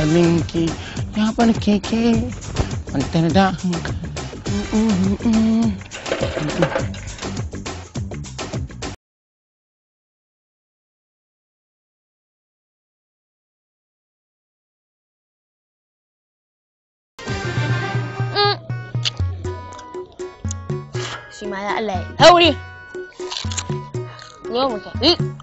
hankalinki ya bar keke kwantar da hankali shi ma ya Allah ya hauri yau mutane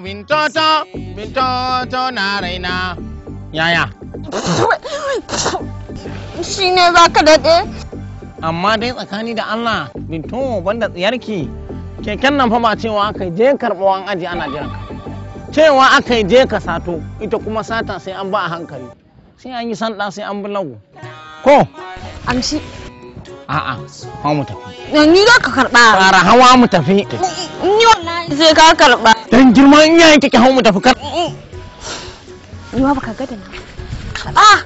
bintoto bintoto na raina yaya shi ne za ka daɗe amma dai tsakani da allah binto banda tsiyarki keken nan fa ba cewa aka je karɓo an aji ana jiran cewa aka je ka sato ita kuma sata sai an ba a hankali sai an yi sanda sai an bi lagu ko amshi a'a hawa mu tafi ni za ka karɓa fara hawa mu tafi ni wallahi sai ka karɓa dan girma in yayin kike hau mu tafi kan ni ma baka ga da na karba ah!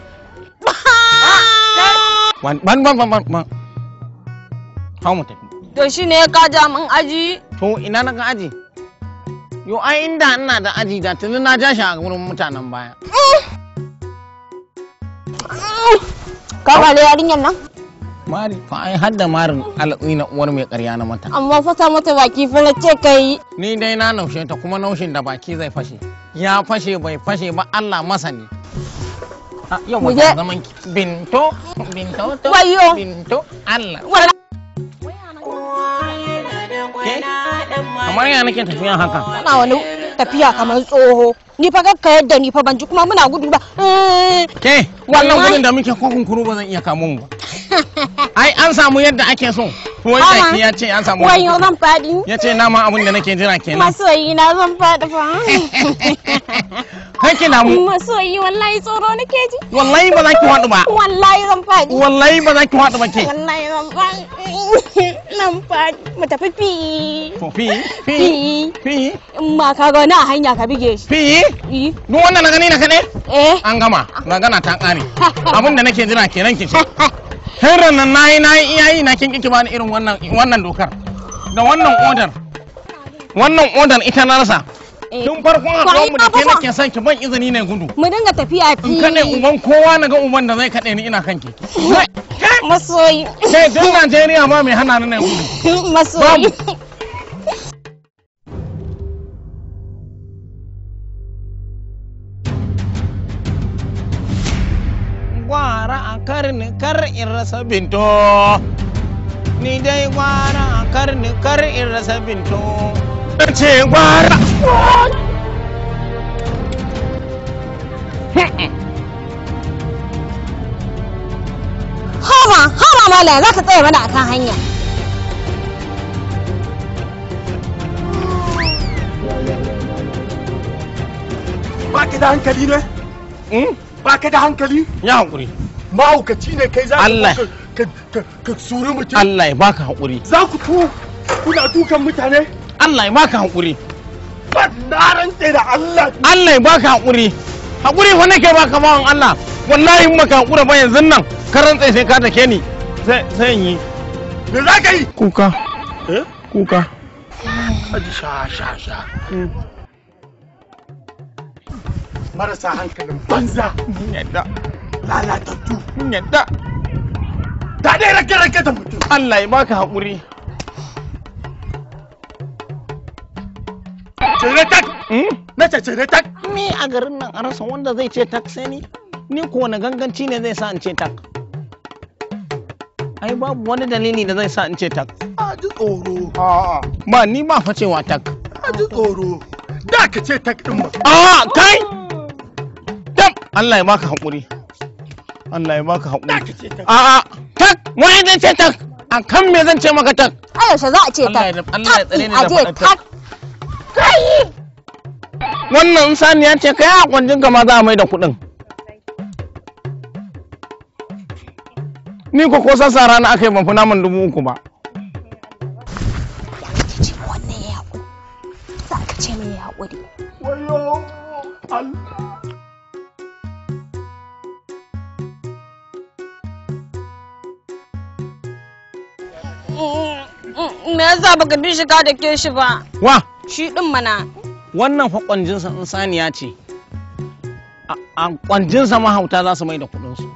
ban ban ban ban hau mu tafi to ne ka ja min aji to ina na ga aji yo ai inda ina da aji da tuni na ja shi a gurin mutanen baya ka ga yarinyar nan mari fa ai hadda mari marin alaƙi na uwar mai ƙarya na mata amma fata mata baki fa na ce kai ni dai na naushe ta kuma naushin da baki zai fashe ya fashe bai fashe ba Allah masani ah, yau wata zaman binto binto to binto Allah kamar ya nake tafiya haka ana wani tafiya kamar tsoho ni fa kakka yadda ni fa ban ji kuma muna gudu ba ke wannan gudun da muke ko kunkuru ba zan iya kamun ba ai an samu yadda ake so ko ya ce an samu yau zan fadi ya ce nama abin da nake jira kenan masoyi na zan fadi fa kake namu masoyi wallahi tsoro nake ji wallahi ba za ki hadu ba wallahi zan fadi wallahi ba za ki hadu ba ke wallahi zan fadi nan fadi mu tafi fi fi fi fi in ma ka ga na hanya ka bige shi fi duk wannan na gani na kaɗai eh an gama magana ta kare abin da nake jira kenan ki ce tun nan na yi na yi iyayi na kin kiki bani irin wannan dokar da wannan odar wannan odar ita na rasa eh. tun farkon haɗuwar mu da ke nake son ki ban izini ne gudu mu dinga tafiya fi in kaɗe uban kowa na ga uban da zai kaɗe ni ina kan keke masoyi kai duk Najeriya ba mai hana ni ne gudu masoyi kar in rasa binto ni dai gwara kar ni kar in rasa binto ce gwara hawa hawa mala za ka tsaya mana akan hanya. Ba ka da hankali ne? Hmm? Ba ka da hankali? Ya hankuri. mahaukaci ne kai za ka suri mutum Allah ya baka haƙuri za ku tu kuna tukan mutane Allah ya baka haƙuri na rantse da Allah Allah ya baka haƙuri haƙuri fa ne kai baka mawan Allah wallahi yi maka haƙura ba yanzu nan ka rantse sai ka take ni sai yi me za ka yi kuka eh? kuka aji sha sha sha hmm. marasa hankalin banza yadda lalatattu kun yadda ta dai rake rake ta mutu Allah ya baka haƙuri cire tak hmm? na ce cire tak ni a garin nan a rasa wanda zai ce tak sai ni ni ko wani ganganci ne zai sa in ce tak ai babu wani dalili da zai sa in ce tak a ji tsoro ba ni ba facewa tak a ji tsoro da ka ce tak din ba a kai dam Allah ya baka haƙuri Allah ya baka haƙuri. A'a, tak, wani zan ce tak, a kan me zan ce maka tak? A yaushe za a ce tak, tak ɗin a je tak. Kai! Wannan Sani ya ce kai a kwanjin ka ma za a mai da kuɗin. Ni ko ko sassa rana aka yi ban fi naman dubu uku ba. wannan ya haƙuri, za ka ce mai ya haƙuri. Wayo, Allah. me yasa baka bi shiga da ke shi ba wa shi din mana wannan fa kwanjinsa in saniya ce a kwanjinsa mahauta za su mai da su,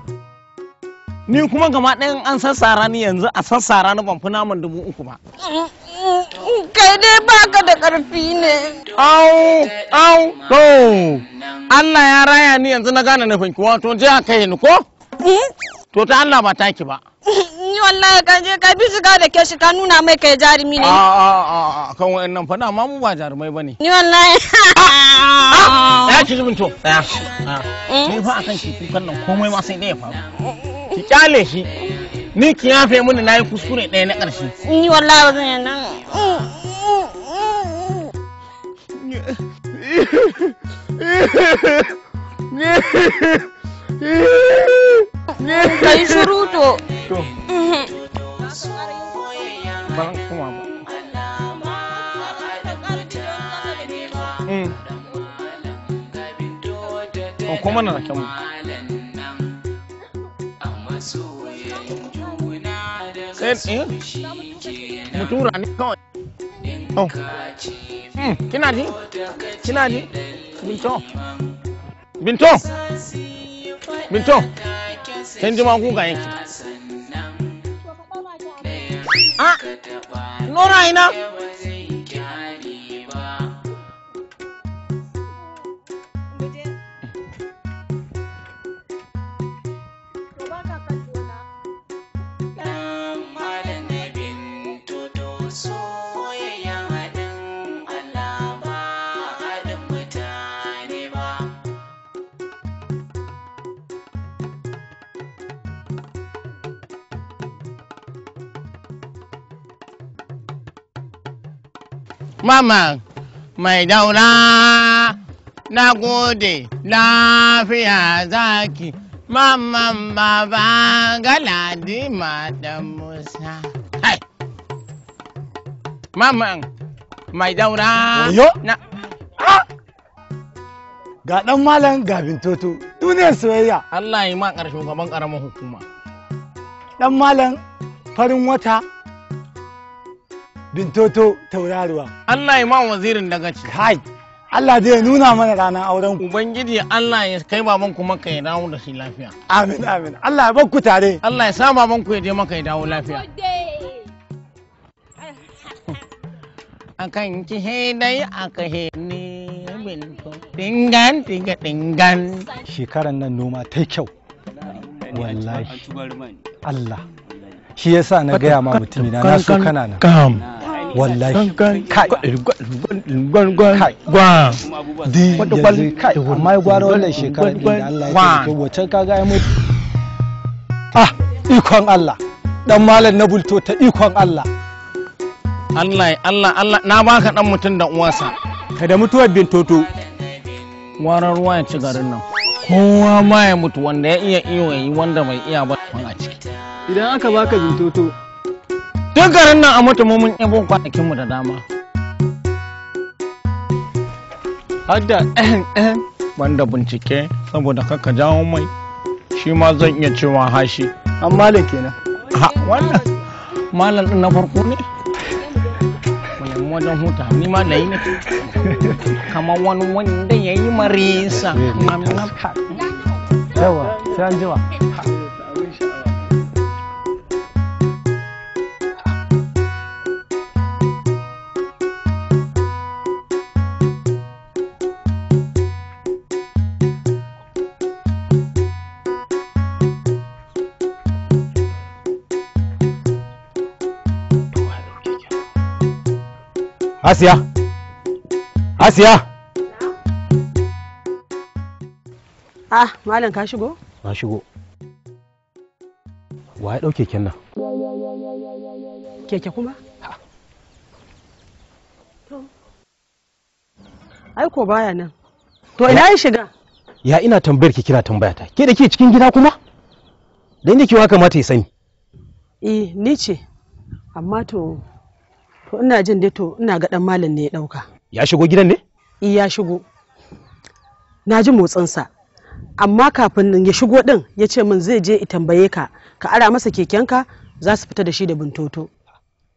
ni kuma gama ɗayan an sassara ni yanzu a sassara ni ban fi naman dubu uku ba kai dai baka da ƙarfi ne au au to Allah ya raya ni yanzu na gane nufin ki wato je a kai ni ko hmm? to ta Allah ba taki ba ni wallahi ka je ka bi shiga da ke shi ka nuna mai kai jarumi ne a a a kan wayannan fa ma mu ba jarumai bane ni wallahi ya ci zubin to ni fa akan shi kukan nan komai ma sai dai ya faru ki kyale shi ni ki yafe mini nayi kuskure ɗaya na ƙarshe ni wallahi ba zan yi nan Kai shuruto. kanmu sai mu tura ne kawai oh. hmm, kina ji kina ji binto binto binto kin ji magun ga ina Mama mai daura na gode lafiya zaki Maman baba galadi madan Musa. Hai! mama mai daura na... Ah! Ga ɗan malam gabin toto, duniyar soyayya. Allah yi ma ƙarshen gaban ƙaramin hukuma. Ɗan malam farin wata bintoto tauraruwa. Allah ya ma wazirin daga ci. Kai, Allah zai nuna mana ranar auren ku. Ubangiji Allah ya kai baban ku maka ya dawo da shi lafiya. Amin amin. Allah ya ku tare. Allah ya sa baban ku ya je maka ya dawo lafiya. Akan ki hedai aka hene ne, Dingan dinga dingan. Shekaran nan noma ta kyau. Wallahi. Allah. shi sa na gaya ma mutum. na na so kana na kam wallahi kai kai amma ya gwara wannan shekara din da Allah ya kai wacce ka ga ya mutu ah ikon Allah dan malam na bulto ta ikon Allah Allah Allah Allah na baka dan mutum da uwansa ka da mutuwar bintoto ruwa ya ci garin nan kowa ma ya mutu wanda ya iya iyo ya yi wanda mai iya ba a ciki idan aka baka zintoto duk garin nan a mutu mun ibon kwanakin mu da dama hadda ehem ehem banda bincike saboda kaka jawo mai shi ma zan iya cewa hashi an malam kenan wannan malam din na farko ne samu wajen huta ni ma na yi ne kamar wani wanda ya yi marisa yawa sai an Asiya! Asiya! Ah, malam ka shigo? Na shigo. Wa ya dauke keken nan? Keke kuma? Ai ko baya nan. To ina ya shiga? Ya ina tambayar ki kina tambaya ta. Ke da ke cikin gida kuma? Dan yake wa kamata ya sani. Eh, ni ce. Amma to to ina jin dai to ina ga dan malam ne ya dauka ya shigo gidan ne ya shigo na ji motsin sa, amma kafin ya shigo din ya ce min zai je tambaye ka ka ara masa kekenka za su fita da shi da buntoto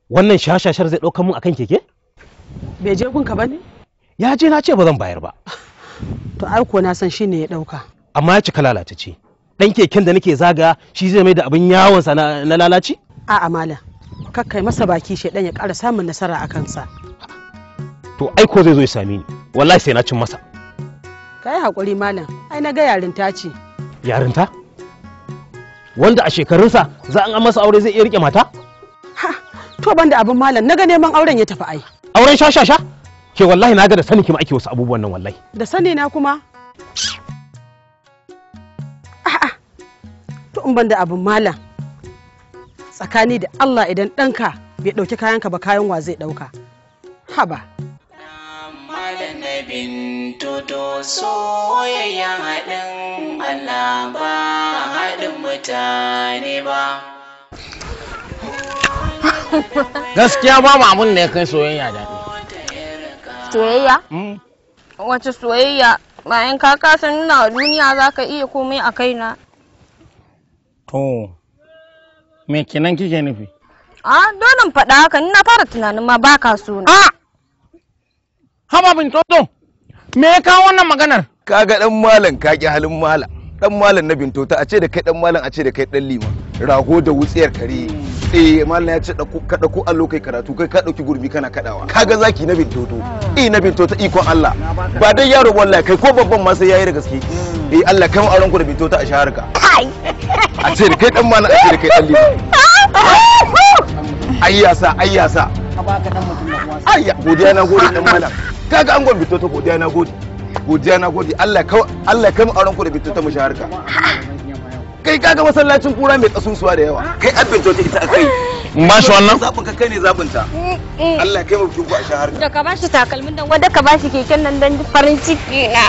wannan shashashar zai ɗauka mun akan keke bai je gunka ba ne ya je na ce ba zan bayar ba to ai ko na san shi ne ya ɗauka amma ya cika lalata ce 'dan keken da nake zaga shi zai mai da abin yawon sa na lalaci a'a malam kakkai masa baki shaidan ya ƙara samun nasara a kansa to ai ko zai zo ya same ni wallahi sai na cin masa kai hakuri malam ai na ga yarinta ce yarinta wanda a shekarunsa za an masa aure zai iya rike mata ha to banda abin malam na ga neman auren ya tafi ai auren sha sha sha ke wallahi na ga da sanin ki ma ake wasu abubuwan nan wallahi da sani na kuma a'a to in banda abin malam tsakani da Allah idan ɗanka bai ɗauki kayanka ba kayan wa zai ɗauka haba Malanabin toto soyayya haɗin Allah ba haɗin mutane ba. Gaskiya ba mu abin da ya kai soyayya daɗi. Soyayya? Hmm. Wace soyayya bayan ka kasa nuna duniya za ka iya komai a kaina. To, me kenan kike nufi a dole faɗa haka Ina fara tunanin ma baka so a haba bin toto me ya kawo wannan maganar kaga dan malam ka ƙi halin malam dan malam na binto a ce da kai dan malam a ce da kai dan lima rago da wutsiyar kare eh malam ya ce dako ka allo kai karatu kai ka dauki gurbi kana kadawa kaga zaki na bintoto ah. eh na bintoto ikon Allah ba dai yaro wallahi kai ko babban ma sai yayi da gaske hmm. eh Allah kai mu auren ku da bintoto a shaharka a ce kai dan na a ce kai dan liba ayyasa ayyasa ka baka ya mutum da kuma godiya na gode dan mana kaga an gon bintoto godiya na gode godiya na gode Allah kai Allah kai mu auren ku da bintoto mu shaharka kai kaga masallacin kura mai kasusuwa da yawa kai abin to ita akai ba shi wannan zabin kai ne zabin Allah kai mafi ku a shahar da ka bashi takalmin dan wanda ka bashi keken nan dan farin ciki na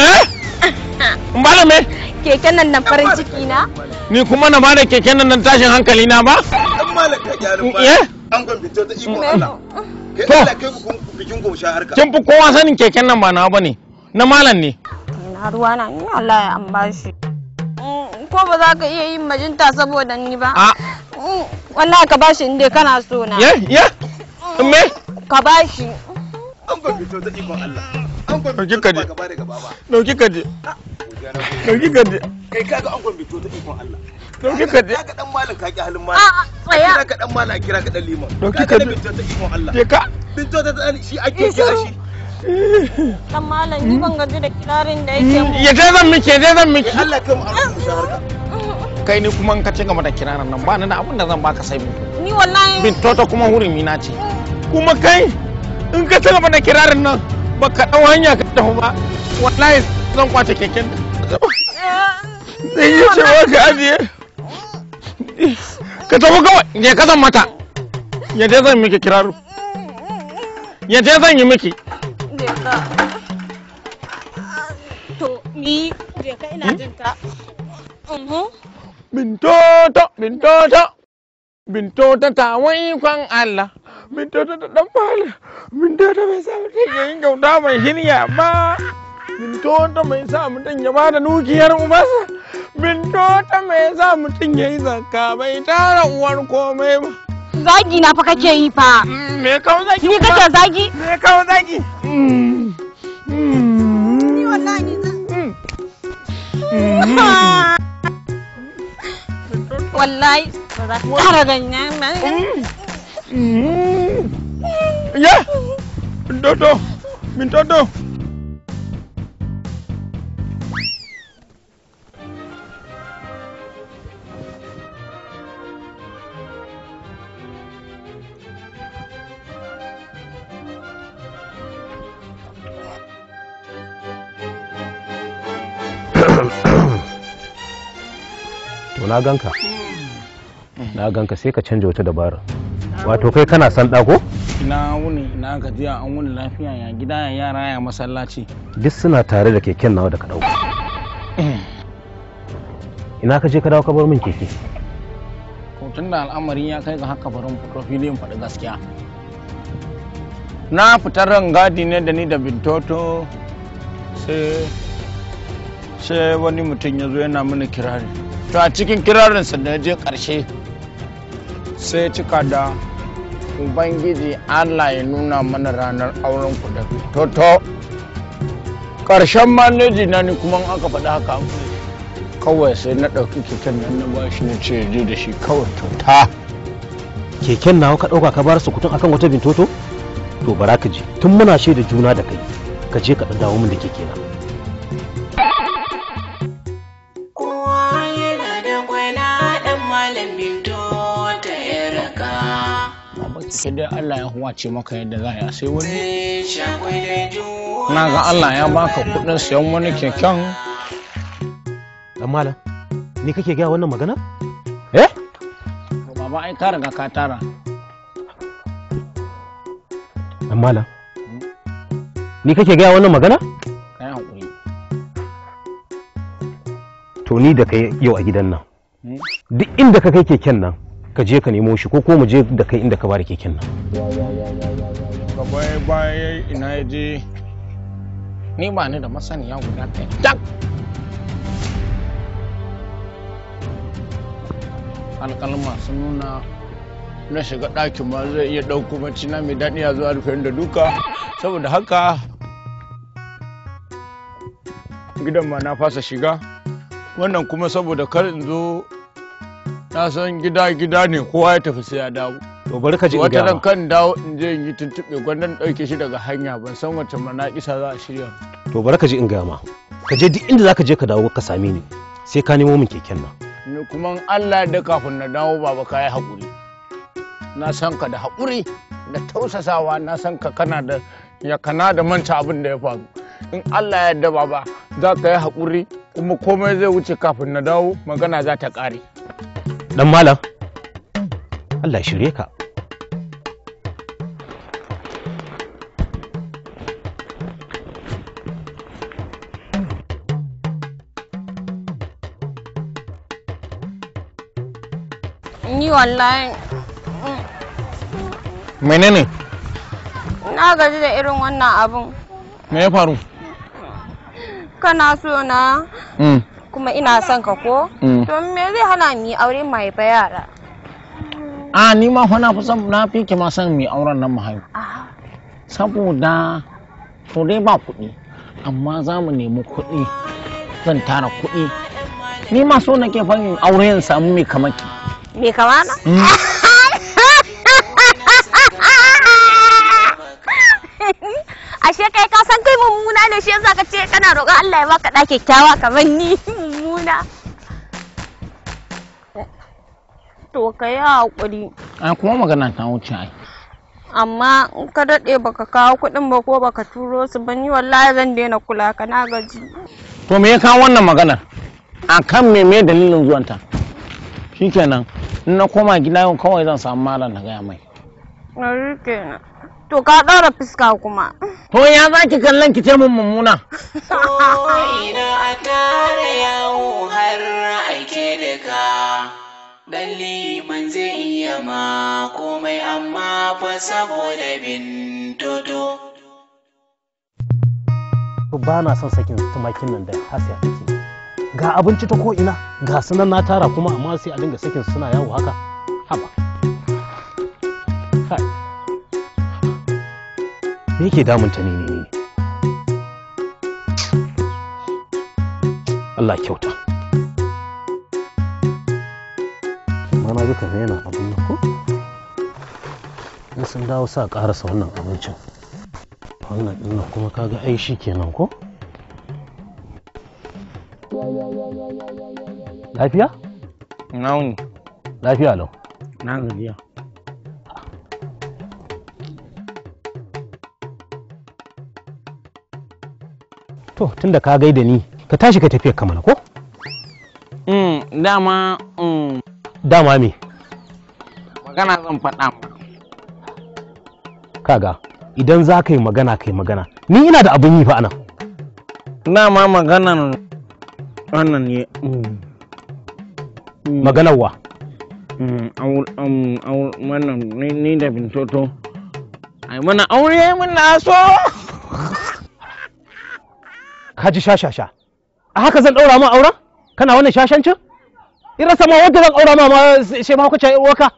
eh? ba da me keken nan dan farin ciki na ni kuma na bada keken nan dan tashin hankali na ba dan ka yarin ba eh? an gwamnati ta iko Allah kai Allah kai ku bikin ku shahar ka kin fi kowa sanin keken nan ba na bane na malam ne na ruwa na Allah ya ambashi ko ba za ka iya yin majinta saboda ni ba mm, wallahi ka bashi inda kana so na ye ye mm, me ka bashi an ba fito ta ikon Allah an ba fito ta gaba da gaba ba dauki kaje dauki kaje kai kaga an ba fito ta ikon Allah dauki kaje kaga dan malam ki halin malam kira ka dan malam kira ka dan liman dauki kaje ta ikon Allah Ke ka binto ta shi ake kira shi Dan malam ni ban gaji da kirarin da yake mu. Ya dai zan miki, dai zan miki. Allah kai mu Kai ni kuma in ka ci gaba da kirarin nan ba ni da abin da zan baka sai bintu. Ni wallahi. Bintu ta kuma hurumi na ce. Kuma kai in ka ci gaba da kirarin nan ba ka dau hanya ka tafi ba. Wallahi zan kwace keken. Zai yi cewa ka ajiye. Ka tafi kawai, je ka zan mata. Ya dai zan miki kiraru. Ya dai zan yi miki. To ni je ka ina jin ta. Bintoto, bintoto, bintoto ta wai kwan Allah. Bintoto ta dan mala, bintoto mai sa mutum ya yi gauta mai hirya ba. Bintoto mai sa mutum ya bada nukiyar umarsa. Bintoto mai sa mutum ya yi zakka bai tara uwar komai ba. zagi na fa kake yi fa me kawo zagi ni kake zagi me kawo zagi ni wallahi ni wallahi ƙara ganyen nan ya dodo min dodo na ganka na ganka sai ka canja wata dabara wato kai kana san ɗako? na wuni na gajiya an wuni lafiya ya gida ya yara ya masallaci duk suna tare da keken nawa da ka dauka ina ka je ka dawo ka bar min keke tun da al'amarin ya kai ga haka barin fito filin faɗi gaskiya na fitar rangadi ne da ni da bintoto sai wani mutum ya zo yana mini kirari to a cikin kirarinsa da je ƙarshe sai cika da ubangiji allah ya nuna mana ranar auren ku da toto ƙarshen maneji na ni kuma aka faɗi haka kawai sai na ɗauki keken nan na bashi na ce je da shi kawai tota keken nawa ka ɗauka ka bar su kutun akan wata toto to bara ka je tun muna shaida juna da kai ka je ka dawo min da keke na sai dai Allah ya huwace maka yadda za a sai wani na ga Allah ya baka kudin sayan wani keken dan malam ni kake gaya wannan magana eh baba ai ka riga ka tara dan malam ni kake gaya wannan magana kai to ni da kai yau a gidan nan hmm? duk inda ka kai keken nan ka je ka nemo shi ko ko mu je da kai inda ka bada keken nan gaba baya ina je ni ba ni da masaniya guda ɗaya tak alƙalma sun nuna na shiga ɗakin ma zai iya ɗauko mace na mai daɗi a zuwa rufe da duka saboda haka gidan ma na fasa shiga wannan kuma saboda kar in zo na san gida gida ne kowa ya tafi sai ya dawo to bari ka ji wata nan kan dawo in je in yi tuntube gwandan dauke shi daga hanya ban san wace manaƙisa za a shirya to bari ka ji in gama ka je duk inda zaka je ka dawo ka same ni sai ka nemo min keken nan ni kuma Allah da kafin na dawo baba ka yi hakuri na san ka da hakuri da tausasawa na san ka kana da ya kana da manta abin da ya faru in Allah ya yarda baba za ka yi hakuri kuma komai zai wuce kafin na dawo magana za ta kare dan malam Allah shirye ka ni wallahi menene na gaji da irin wannan abun me ya faru kana so na mm. kuma ina son ka ko mm. to me zai hana mu aure mai haifa yara a ni ma fa na fi son na fi ki ma son mu auren nan mu haihu, ah. saboda to dai ba kuɗi amma za mu nemi kuɗi zan tara kuɗi ni ma so nake fa aure in samu mai kamaki me kamana mm. gane shi yasa ka ce kana roƙon Allah ya baka ɗa kyakkyawa kamar ni mummuna to ka yi haƙuri A kuma magana ta wuce ai amma in ka daɗe baka kawo kuɗin ba ko baka turo su ba ni wallahi zan daina kula ka na gaji to me ya kawo wannan magana? a kan me me dalilin zuwanta shikenan in na koma gida yau kawai zan samu malam na gaya mai Na rike na. To ka ɗora fuska kuma. To ya za ki kallon ki ce mun mummuna. Ina a yawo har aike da ka. zai iya ma komai amma fa saboda bin Ba na son sakin tumakin nan da hasiya take. Ga abinci ta ko'ina, ga sunan na tara kuma amma sai a dinga sakin suna yawo haka. Haba. Haba. me ke damunta ne ne ne Allah kyauta mana duka ne yana abin nan ko in sun dawo sa karasa wannan abincin wannan ina kuma kaga ai shi kenan ko lafiya? na wuni lafiya lau na gajiya to tunda ka gaida ni ka tashi ka tafiya kamar ko mm dama mm dama me magana zan faɗa kaga idan za ka yi magana ka yi magana ni ina da abin yi fa anan dama maganan wannan ne mm. Mm. maganar wa mm, wannan ni da bintoto ai mana aure mun na so ka ji shashasha a haka zan ɗaura ma aura kana wannan shashancin in rasa ma wanda zan aura ma ma sai ma kwace waka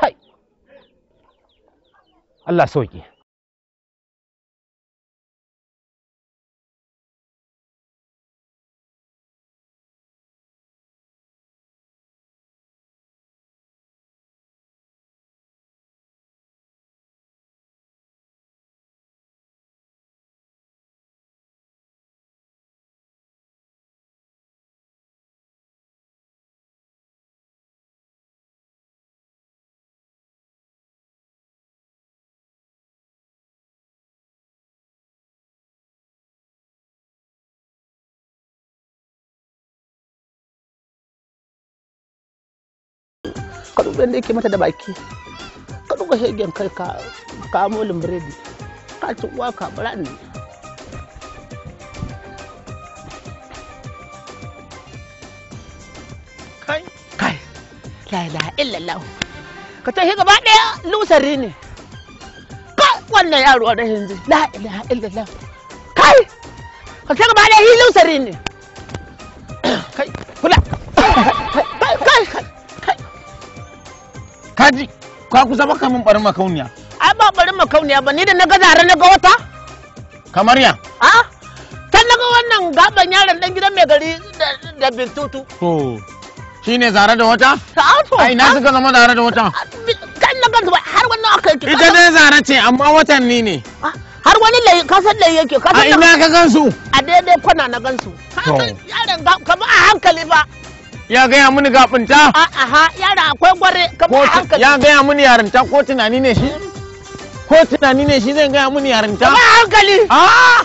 kai Allah sauki ka dubi yadda yake mata da baki ka duka shegen kai ka kamo limbiredi ka ci uwa ka bara ne kai kai la ilaha illallah ka tafi gaba daya lusari ne ka wannan yaro da hinji la ilaha illallah kai ka ta gaba daya lusari ne kaji ka kusa baka min barin makauniya ai ba barin makauniya ba ni da na ga zare na ga wata kamar ya a ta na ga wannan gaban yaron dan gidan mai gari da bintutu to shine zare da wata to ai na suka zama zare da wata kan na ga har wannan aka yi ita dai zare ce amma watan ni ne har wani layi ka san layi yake ka san a ina ka gansu a daidai kwana na gansu yaran ka ba a hankali ba ya gaya mini gaɓinta? A'a, yara akwai gware kamar hankali. Ya gaya mini yarinta ko tunani ne shi? Ko tunani ne shi zai gaya mini yarinta? Kamar hankali. A'a. Ah!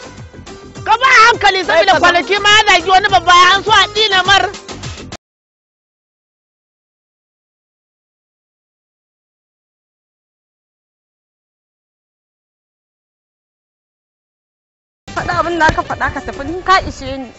Kamar hankali saboda kwanaki ma yana ji wani babba an so a dina mar. Faɗa abin da aka faɗa ka tafi ka ishe ni.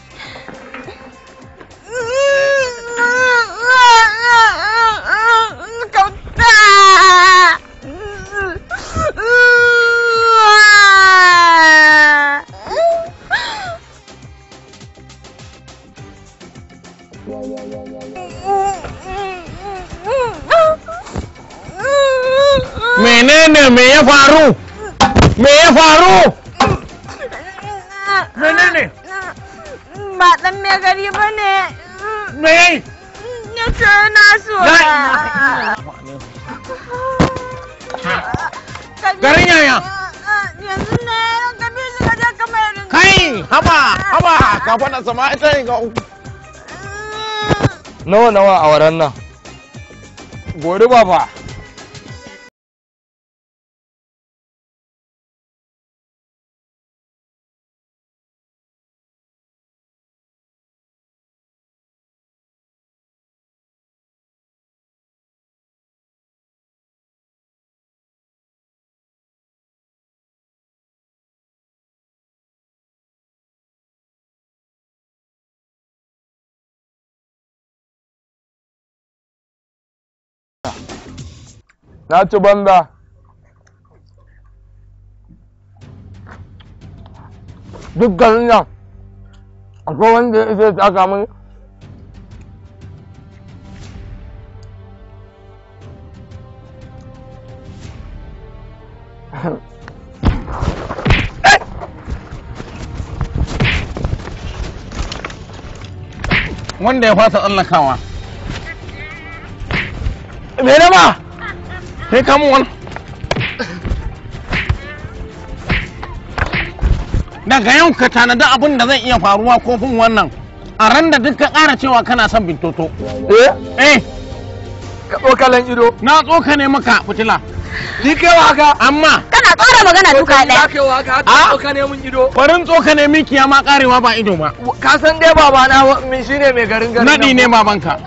Menene me ya faru? Me ya faru? Menene? Ba dan me gari ba ne. Me? Ya ce na so. Garin yaya? Yanzu ne ka bi ka je kamar. Kai, haba, haba, Kafa na sama ita ne ga uku. Mm. Nawa nawa a waran nan? Gori ba fa. na ci banza duk garin nan akwai wanda ya isa ta mun. wanda ya fasa tsallakawa. Me ma? Hey, come on. Daga yau ka tanada abin da zai iya faruwa kofin wannan. A ran da duk ka ƙara cewa kana son bintoto. Eh? Eh. Ka tsokalan ido. Na tsoka ne maka fitila. Ni kai haka. Amma. Kana tsora magana duka ɗaya. Ni kai haka haka ah? tsoka ne mun ido. Farin tsoka ne min kiyama karewa ba ido ba. Ka san dai baba na min shine mai garin garin. Nadi ne babanka.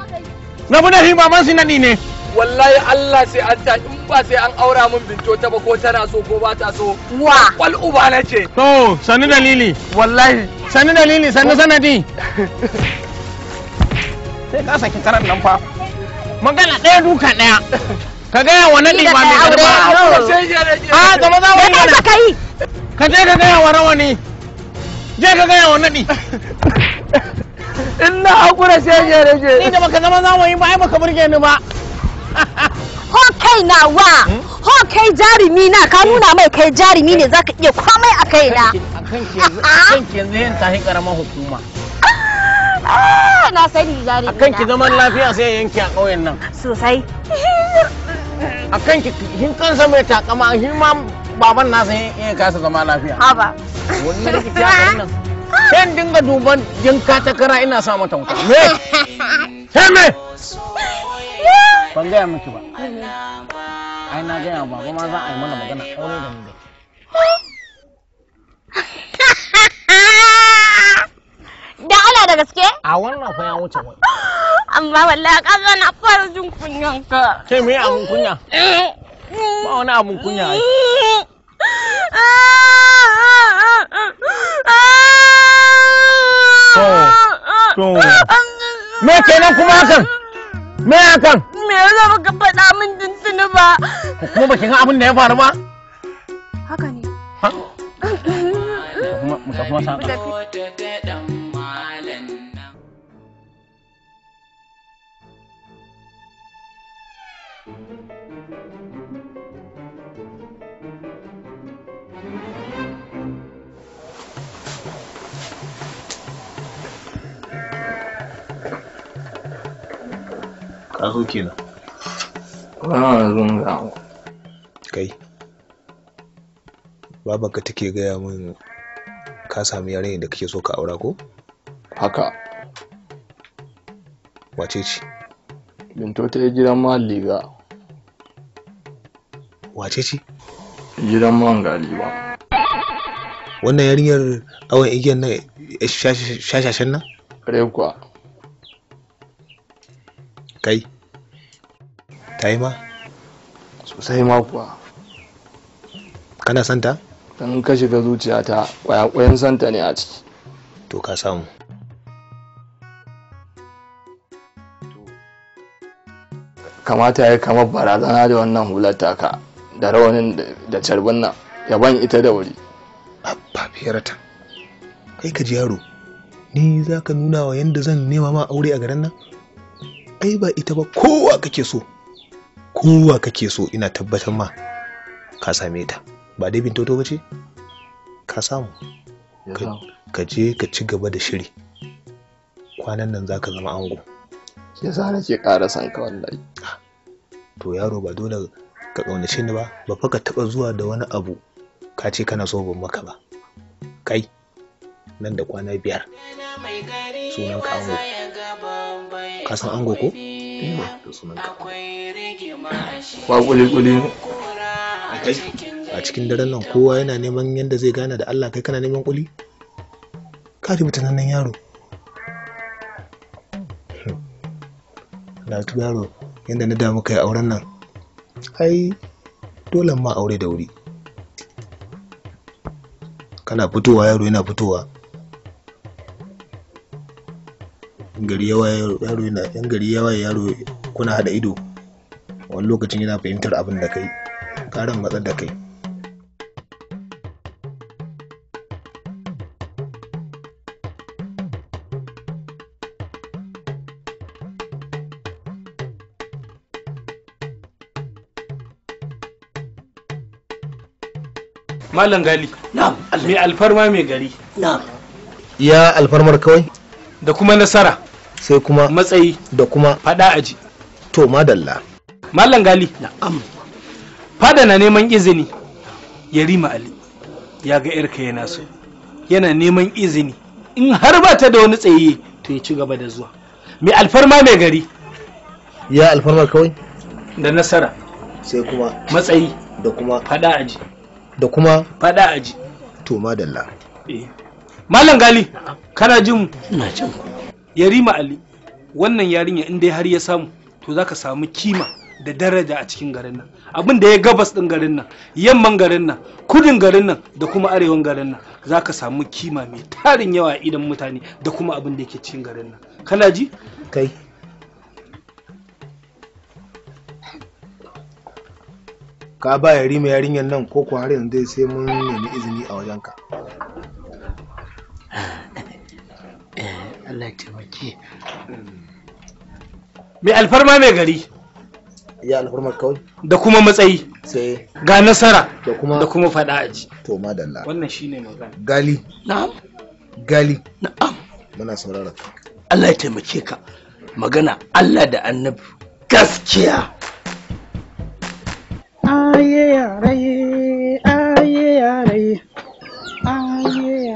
Na bude shi baban shi nadi ne. wallahi Allah sai an ta in ba sai an aura min binto ta ba ko tana so ko ba ta so wa wal uba na ce to sani dalili wallahi sani dalili sani sanadi sai ka saki karan nan fa magana ɗaya duka ɗaya ka gaya wa naɗi ba mai garba a ga maza wani kai ka je ka gaya wa rawani je ka gaya wa nadi ina hakura sai ya rage ni da baka zama zamani yi ba ai baka burge ni ba ho kai na wa hmm? ho kai jarumi na ka nuna mai kai jarumi ne ka iya komai a kai na kanki yanzu ah, ah. yin tahin karamar hukuma ah, na sani jarumi na ki zaman lafiya sai yanki a ƙauyen nan sosai a ki kin kansa mai takama hin ma baban nasa yin kasa zama lafiya haba wani rikici a nan sai dinga duban jinka ta kara ina sa mata wuta me sai me ban gaya miki ba ai na gaya ba kuma za a yi mana magana aure da mu da da ala da gaske a wannan fa ya wuce wai amma wallahi ka ga na fara jin kunyan ka ke me abun kunya ba wani abun kunya ai me kenan kuma hakan me hakan me ya zama ka faɗa min tuntuni ba kuma ba kin abin da ya faru ba haka ne ha kuma mu tafi masa ka zo kenan ba zan ga kai babanka take gaya min ka sami yarinya da kake so ka aura ko haka wace ce binto ta yi gidan ma liga wace ce gidan man galiba wannan yarinyar awon igiyan nan eh, shashashen nan? Rekwa. kai ta yi ma sosai ma kuwa kana santa don ka zuciya ta kwayakwayan santa ne a ciki to ka samu kamata ya kama barazana da wannan hulata ka, da rawanin da carbin nan yaban ita da wuri abba fiyarta kai ka ji yaro ni za ka nuna wa yadda zan nema ma aure a garin nan ai ba ita ba kowa kake so kowa kake so ina tabbatar ma ka same ta ba dai bintoto ba ce ka samu ka je ka ci gaba da shiri kwanan nan zaka zama ango shi yasa nake ƙara son ka wallahi ah, to yaro ba dole ka ƙaunace ni ba ba fa ka taɓa zuwa da wani abu ka ce kana so ban maka ba kai nan da kwana biyar sunan ka ango kasan ango ko Ba kuli a cikin daren nan kowa yana neman yadda zai gane da Allah kai kana neman kuli ka rubuta nan yaro na yaro yadda na damu kai auren nan ai dole ma aure da wuri kana fitowa yaro yana fitowa gari ya yaro yana in gari ya waye yaro kuna hada ido wani lokacin yana fahimtar abin da kai karan matsar da kai Malam Gali. Na'am. Mai alfarma mai gari. Na'am. Ya alfarmar kawai? Da kuma nasara. sai kuma matsayi da kuma fada aji to madalla mallam gali na'am fada na neman izini ya rima ali ya ga irka yana so yana neman izini in har ba ta da wani tsaye to ya ci gaba da zuwa mai alfarma mai gari ya alfarma kawai da nasara sai kuma matsayi da kuma fada aji da kuma fada aji to madalla eh malam gali kana jin na jin ku yarima ali wannan yarinya in dai har ya samu to zaka samu kima da daraja a cikin garin nan abin da ya gabas din garin nan yamman garin nan kudin garin nan da kuma arewan garin nan zaka samu kima mai tarin yawa idan mutane da kuma abin da yake cikin garin nan kana ji kai ka ba ya rima yarinyar nan ko ko har yanzu sai mun nemi izini a wajenka Allah ya taimake mai alfarma mai gari ya alfarma kawai da kuma matsayi sai ga nasara da kuma da kuma fada aji to madalla wannan shine magana gali na'am gali na'am muna saurara Allah ya taimake ka magana Allah da annabi gaskiya aye yare aye yare aye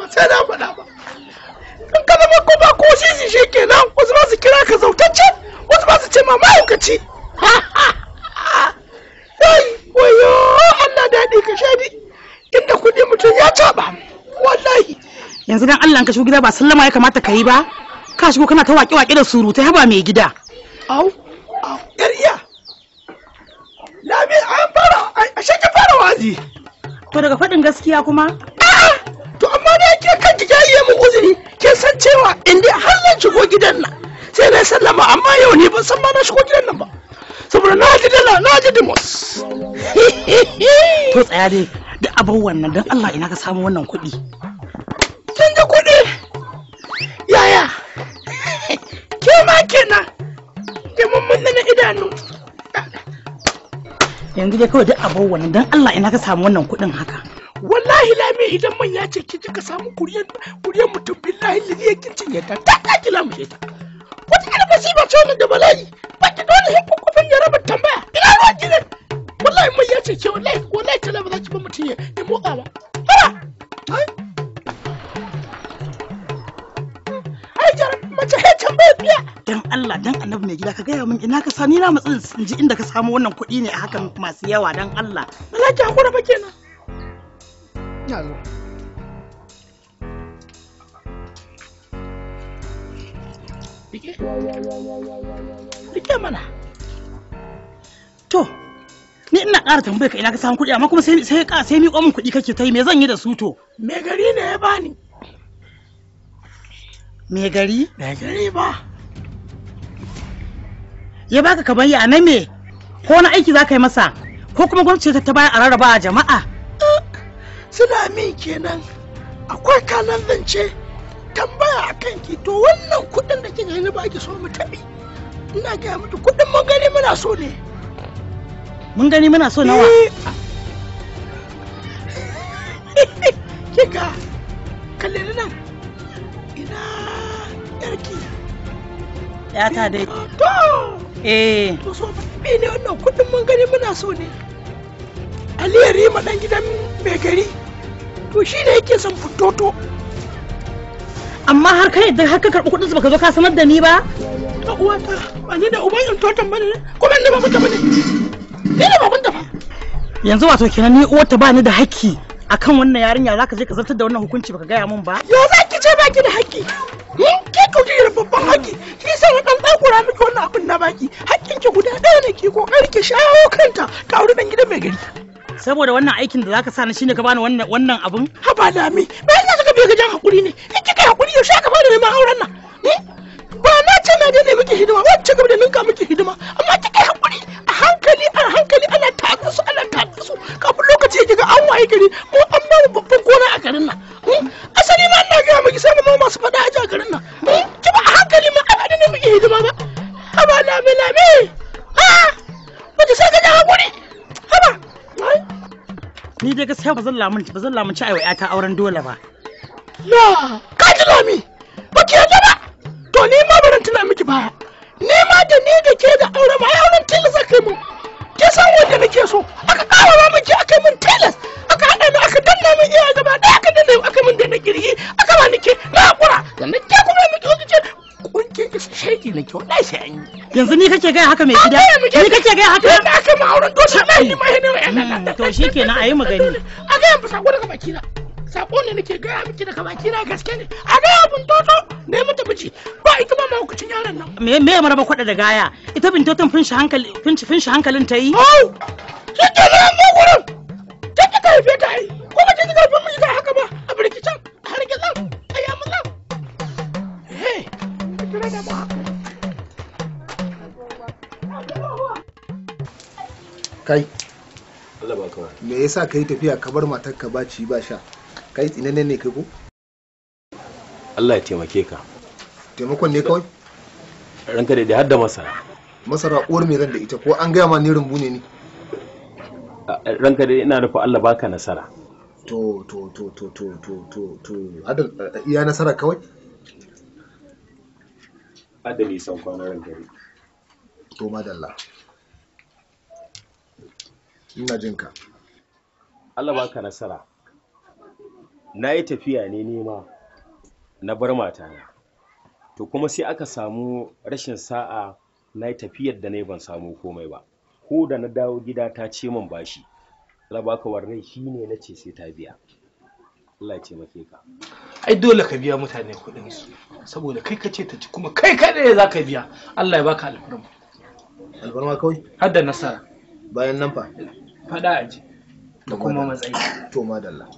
ba sai na faɗa ba in ka zama ko ba ko shi shi kenan wasu ba su kira ka zautacce wasu ba su ce ma mahaukaci ai wayo Allah daɗi ka shaidi inda kuɗi mutum ya caɓa wallahi yanzu dan Allah ka shigo gida ba sallama ya kamata ka yi ba ka shigo kana ta waƙe-waƙe da surutai haba mai gida au au yar iya lami an fara a shaki fara wazi to daga faɗin gaskiya kuma cewa in dai har na shigo gidan nan sai na sallama amma yau ni ban san ma na shigo gidan nan ba saboda na ji dala na ji dimos to tsaya dai da abin wannan don Allah ina ka samu wannan kuɗi kin ga kuɗi yaya ke ma kenan ke mun na idanu yanzu dai kawai duk abin wannan don Allah ina ka samu wannan kuɗin haka wallahi lami idan man ya ce kiji ka samu kuriyan kuriyan mutum billahi lili ya kin cinye ta ta ka kila mu ta wata kana ba shi ba da balayi ba ki dole hin ku kufin ya raba tambaya ina ruwan gida wallahi man ya ce ke wallahi wallahi tala ba za ki ba mutum ya motsa ba mara ai jar mace he tambaya biya dan Allah dan annabi mai gida ka gaya min ina ka sani na matsin in ji inda ka samu wannan kuɗi ne a hakan masu yawa dan Allah wallahi ka ki hakura ba kenan ina zo rike to ni ina ƙara ka ina ka samu kuɗi amma kuma sai sai ka sai min kuɗi kake ta yi me zan yi da su to me gari ne ya bani me gari me gari ba ya baka kamar ya na me ko na aiki za ka yi masa ko kuma gwamnati ta ta bayar a rarraba a jama'a suna min kenan akwai kanan zance tambaya a kan ki to wannan kudin da ke yi na baki so mu taɓi ina gaya mutu kudin mun gani muna so ne mun gani muna so nawa eh. kika kalle nan ina yarki yata dai to eh to so ne wannan kudin mun gani muna so ne aliyu rima dan gidan mai gari to shi ne yake son fitoto amma har kai da haka karɓi kuɗinsu baka zo ka sanar da ni ba ta uwa ta ba ni da uban in totan bane kuma ni ba mutu bane ni da babun ba yanzu wato kenan ni uwar ta ba ni da haƙƙi akan wannan yarinya zaka je ka zartar da wannan hukunci baka gaya min ba yo za ki ce baki da haƙƙi in hmm? ke kuke ji babban haƙƙi shi sai na dan tsakura miki wannan abin na baki haƙƙin ki guda ɗaya ne ki kokari ki shawo kanta ka aure dan gidan mai gari saboda wannan aikin da zaka sa ni shine ka bani wannan wannan abun haba lami bayan na zaka bai jan hakuri ne in kika hakuri yaushe aka fara neman auren nan eh? ba na ce na ne miki hidima ce gaba da ninka miki hidima amma kika hakuri a hankali a hankali ana tatsa su ana tatsa su kafin lokaci ya kiga an waye gari ko an ba babban gona a garin nan hmm? asali ma ina ga miki sai mu masu faɗa a garin nan hmm? ki ba a hankali ma ana ne miki hidima ba haba lami lami ah! ba wace sai ka hakuri Ni dai gaskiya ba zan lamunci ba zan lamunci aiwa ƴata auren dole ba. Na, ka ji lami. Ba ki yarda ba. To ni ma barin tuna miki ba. Ni ma da ni da ke da aure ma ai auren tilas aka yi mun. Ki san wanda nake so. Aka kawo kawara miki aka yi mun tilas. Aka hada ni aka danna mu iya gaba ɗaya aka danna aka min da na girgi aka ba nake na haƙura. Sannan ke kuma miki wasu ce kunkin shege na kyau dai sai an yi yanzu ni kake gaya haka mai gida ni kake gaya haka ni aka ma auren hmm, to shi dai mai ne to shikenan ayi mu a ga yanzu sako daga baki na sako ne nake gaya miki daga baki na gaske ne a ga abun toto ne mata miji ba ita ma mahaukacin yaron nan me me ya maraba kwada da gaya ita bin toton fin shi hankali fin shi fin shi hankalin ta yi au shi ke nan mu gurin kike ka haife ta yi kuma kike ka haife mu haka ba a birkicin har gizan tare kai Allah ba kawai me yasa kai tafiya ka bar matar ka ba ci ba sha kai tsinanne ne kai ko Allah ya taimake ka taimakon ne kawai ranka da har da masara masara uwar me ran da ita ko an gaya ma ni rumbu ne ni ranka da ina nufa Allah baka nasara to to to to to to to iya nasara kawai da nisan kwanar gari to madalla ina jinka Allah baka nasara na yi tafiya ne nema na bar matana to kuma sai aka samu rashin sa'a na yi tafiyar da na yi ban samu komai ba ko da na dawo gida ta ce min bashi rabaka shi shine na ce sai ta biya Allah ya taimake ka ai dole ka biya mutane kuɗin su saboda kai ka ce ta ci kuma kai kaɗai za ka biya Allah ya baka alfarma alfarma kawai har da nasara bayan nan fa faɗa aji da kuma matsayi to madalla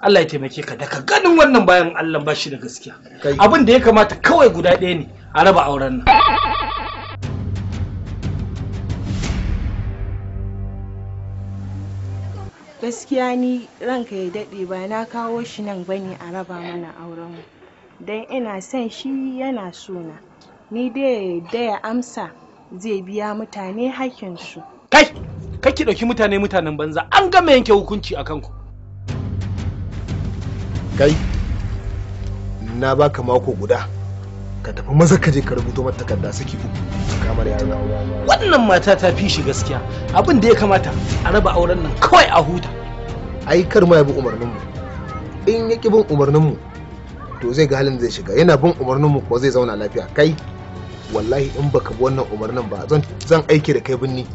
Allah ya taimake ka daga ganin wannan bayan Allah ba shi da gaskiya abin da ya kamata kawai guda ɗaya ne a raba auren nan gaskiya ni ranka ya daɗe ba na kawo shi nan bane a raba mana auren mu dan ina son shi yana so ni dai ya yadda ya amsa zai biya mutane hakkin kai kai ki ɗauki mutane mutanen banza an gama yanke hukunci a kanku kai na baka mako guda ka tafi maza ka je ka rubuto mata takarda saki uku kamar yaro wannan mata ta fi shi gaskiya abin da ya kamata a raba auren nan kawai a huta ai kar ma ya bi umarninmu in ya ki bin umarninmu to zai ga halin zai shiga yana bin umarninmu ko zai zauna lafiya kai wallahi in baka bi wannan umarnin ba zan aiki da kai binni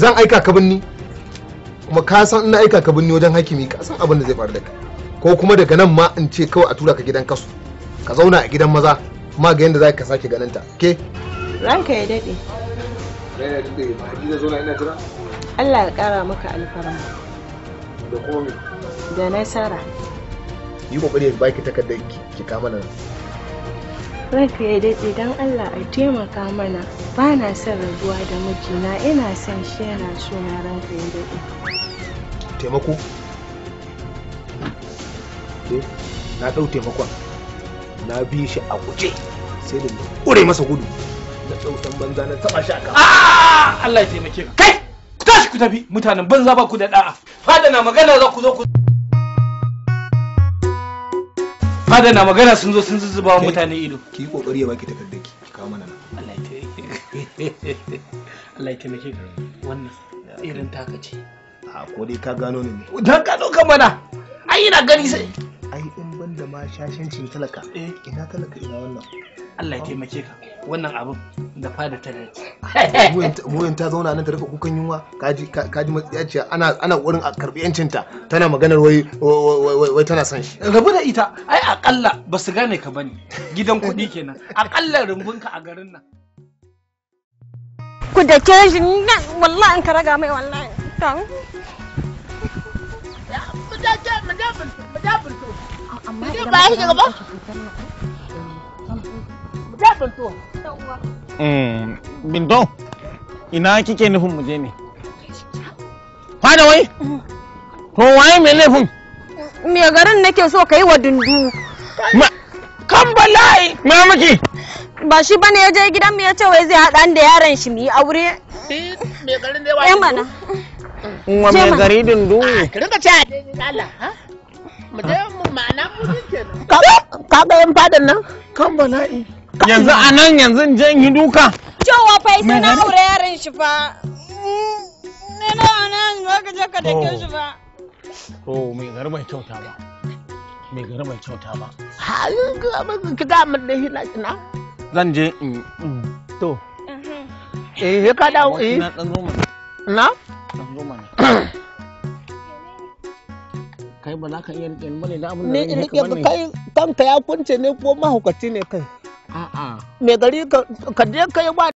zan aika ka binni kuma ka san ina aika ka binni wajen hakimi ka san abin da zai faru da kai ko kuma daga nan ma in ce kawai a tura ka gidan kasu ka zauna a gidan maza ma ga yadda za ka sake ganin ta ke ranka ya daɗe Allah ya kara maka alfarma da kuma da nasara yi kokari ya baki takardar ki kama nan rafi ya daɗe don allah a taimaka mana ba na son rabuwa da mijina ina son shi yana so na Rafi ya daɗe taimako eh, na ɗau taimakon na bi shi a guje sai da ƙure masa gudu da tsautan banza na taɓa shi a kafa ah! Allah ya taimake ka kai tashi ku tafi mutanen ban za ba ku da da'a fada na magana za ku zo ku fada na magana sun zo sun zuzzuba mutane ido ki yi kokari ya baki takardar ki ki kawo mana nan Allah ya taimake Allah ya taimake ka wannan irin taka ce a ko dai ka gano ni ne dan ka dauka mana ai ina gani sai ai in ban da ma shashancin talaka eh ina talaka ina wannan Allah ya taimake ka wannan abin da fada ta da muyin ta zauna nan ta rufe kukan yunwa kaji kaji matsiyaci ana ana wurin a karbi yancin ta tana maganar wai wai tana son shi rabu da ita ai akalla ba su gane ka bane gidan kuɗi kenan akalla ka a garin nan ku da ke shi nan wallahi an ka raga mai wallahi bintu ina kike nufin mu je ne? Fada wai? To waye mai laifin? Me garin nake so ka yi wa dundu. Kan bala'i! Ma miki! Ba shi bane ya je gidan mu ya ce wai zai haɗa da yaran shi mu yi aure. Eh, me garin Mm. wa mai gari dundu ah, ka rika ce Allah ha mu je ah. mu ma'ana mu kenan ka ga yan fadan nan kan bala'i yanzu anan yanzu jan hiduka in yi duka cewa fa sai na aure yaran shi fa ne na anan nan ka je ka dake oh. shi fa to mai gari bai kyauta ba mai gari bai kyauta ba ha ka da mun da hina kina zan je in to mhm. eh ka dawo eh na zo mana kai ba za ka iya riƙe ba ne da abin da ne riƙe ba kai kanka ya kunce ne ko mahaukaci ne kai a'a me gari ka je kai ba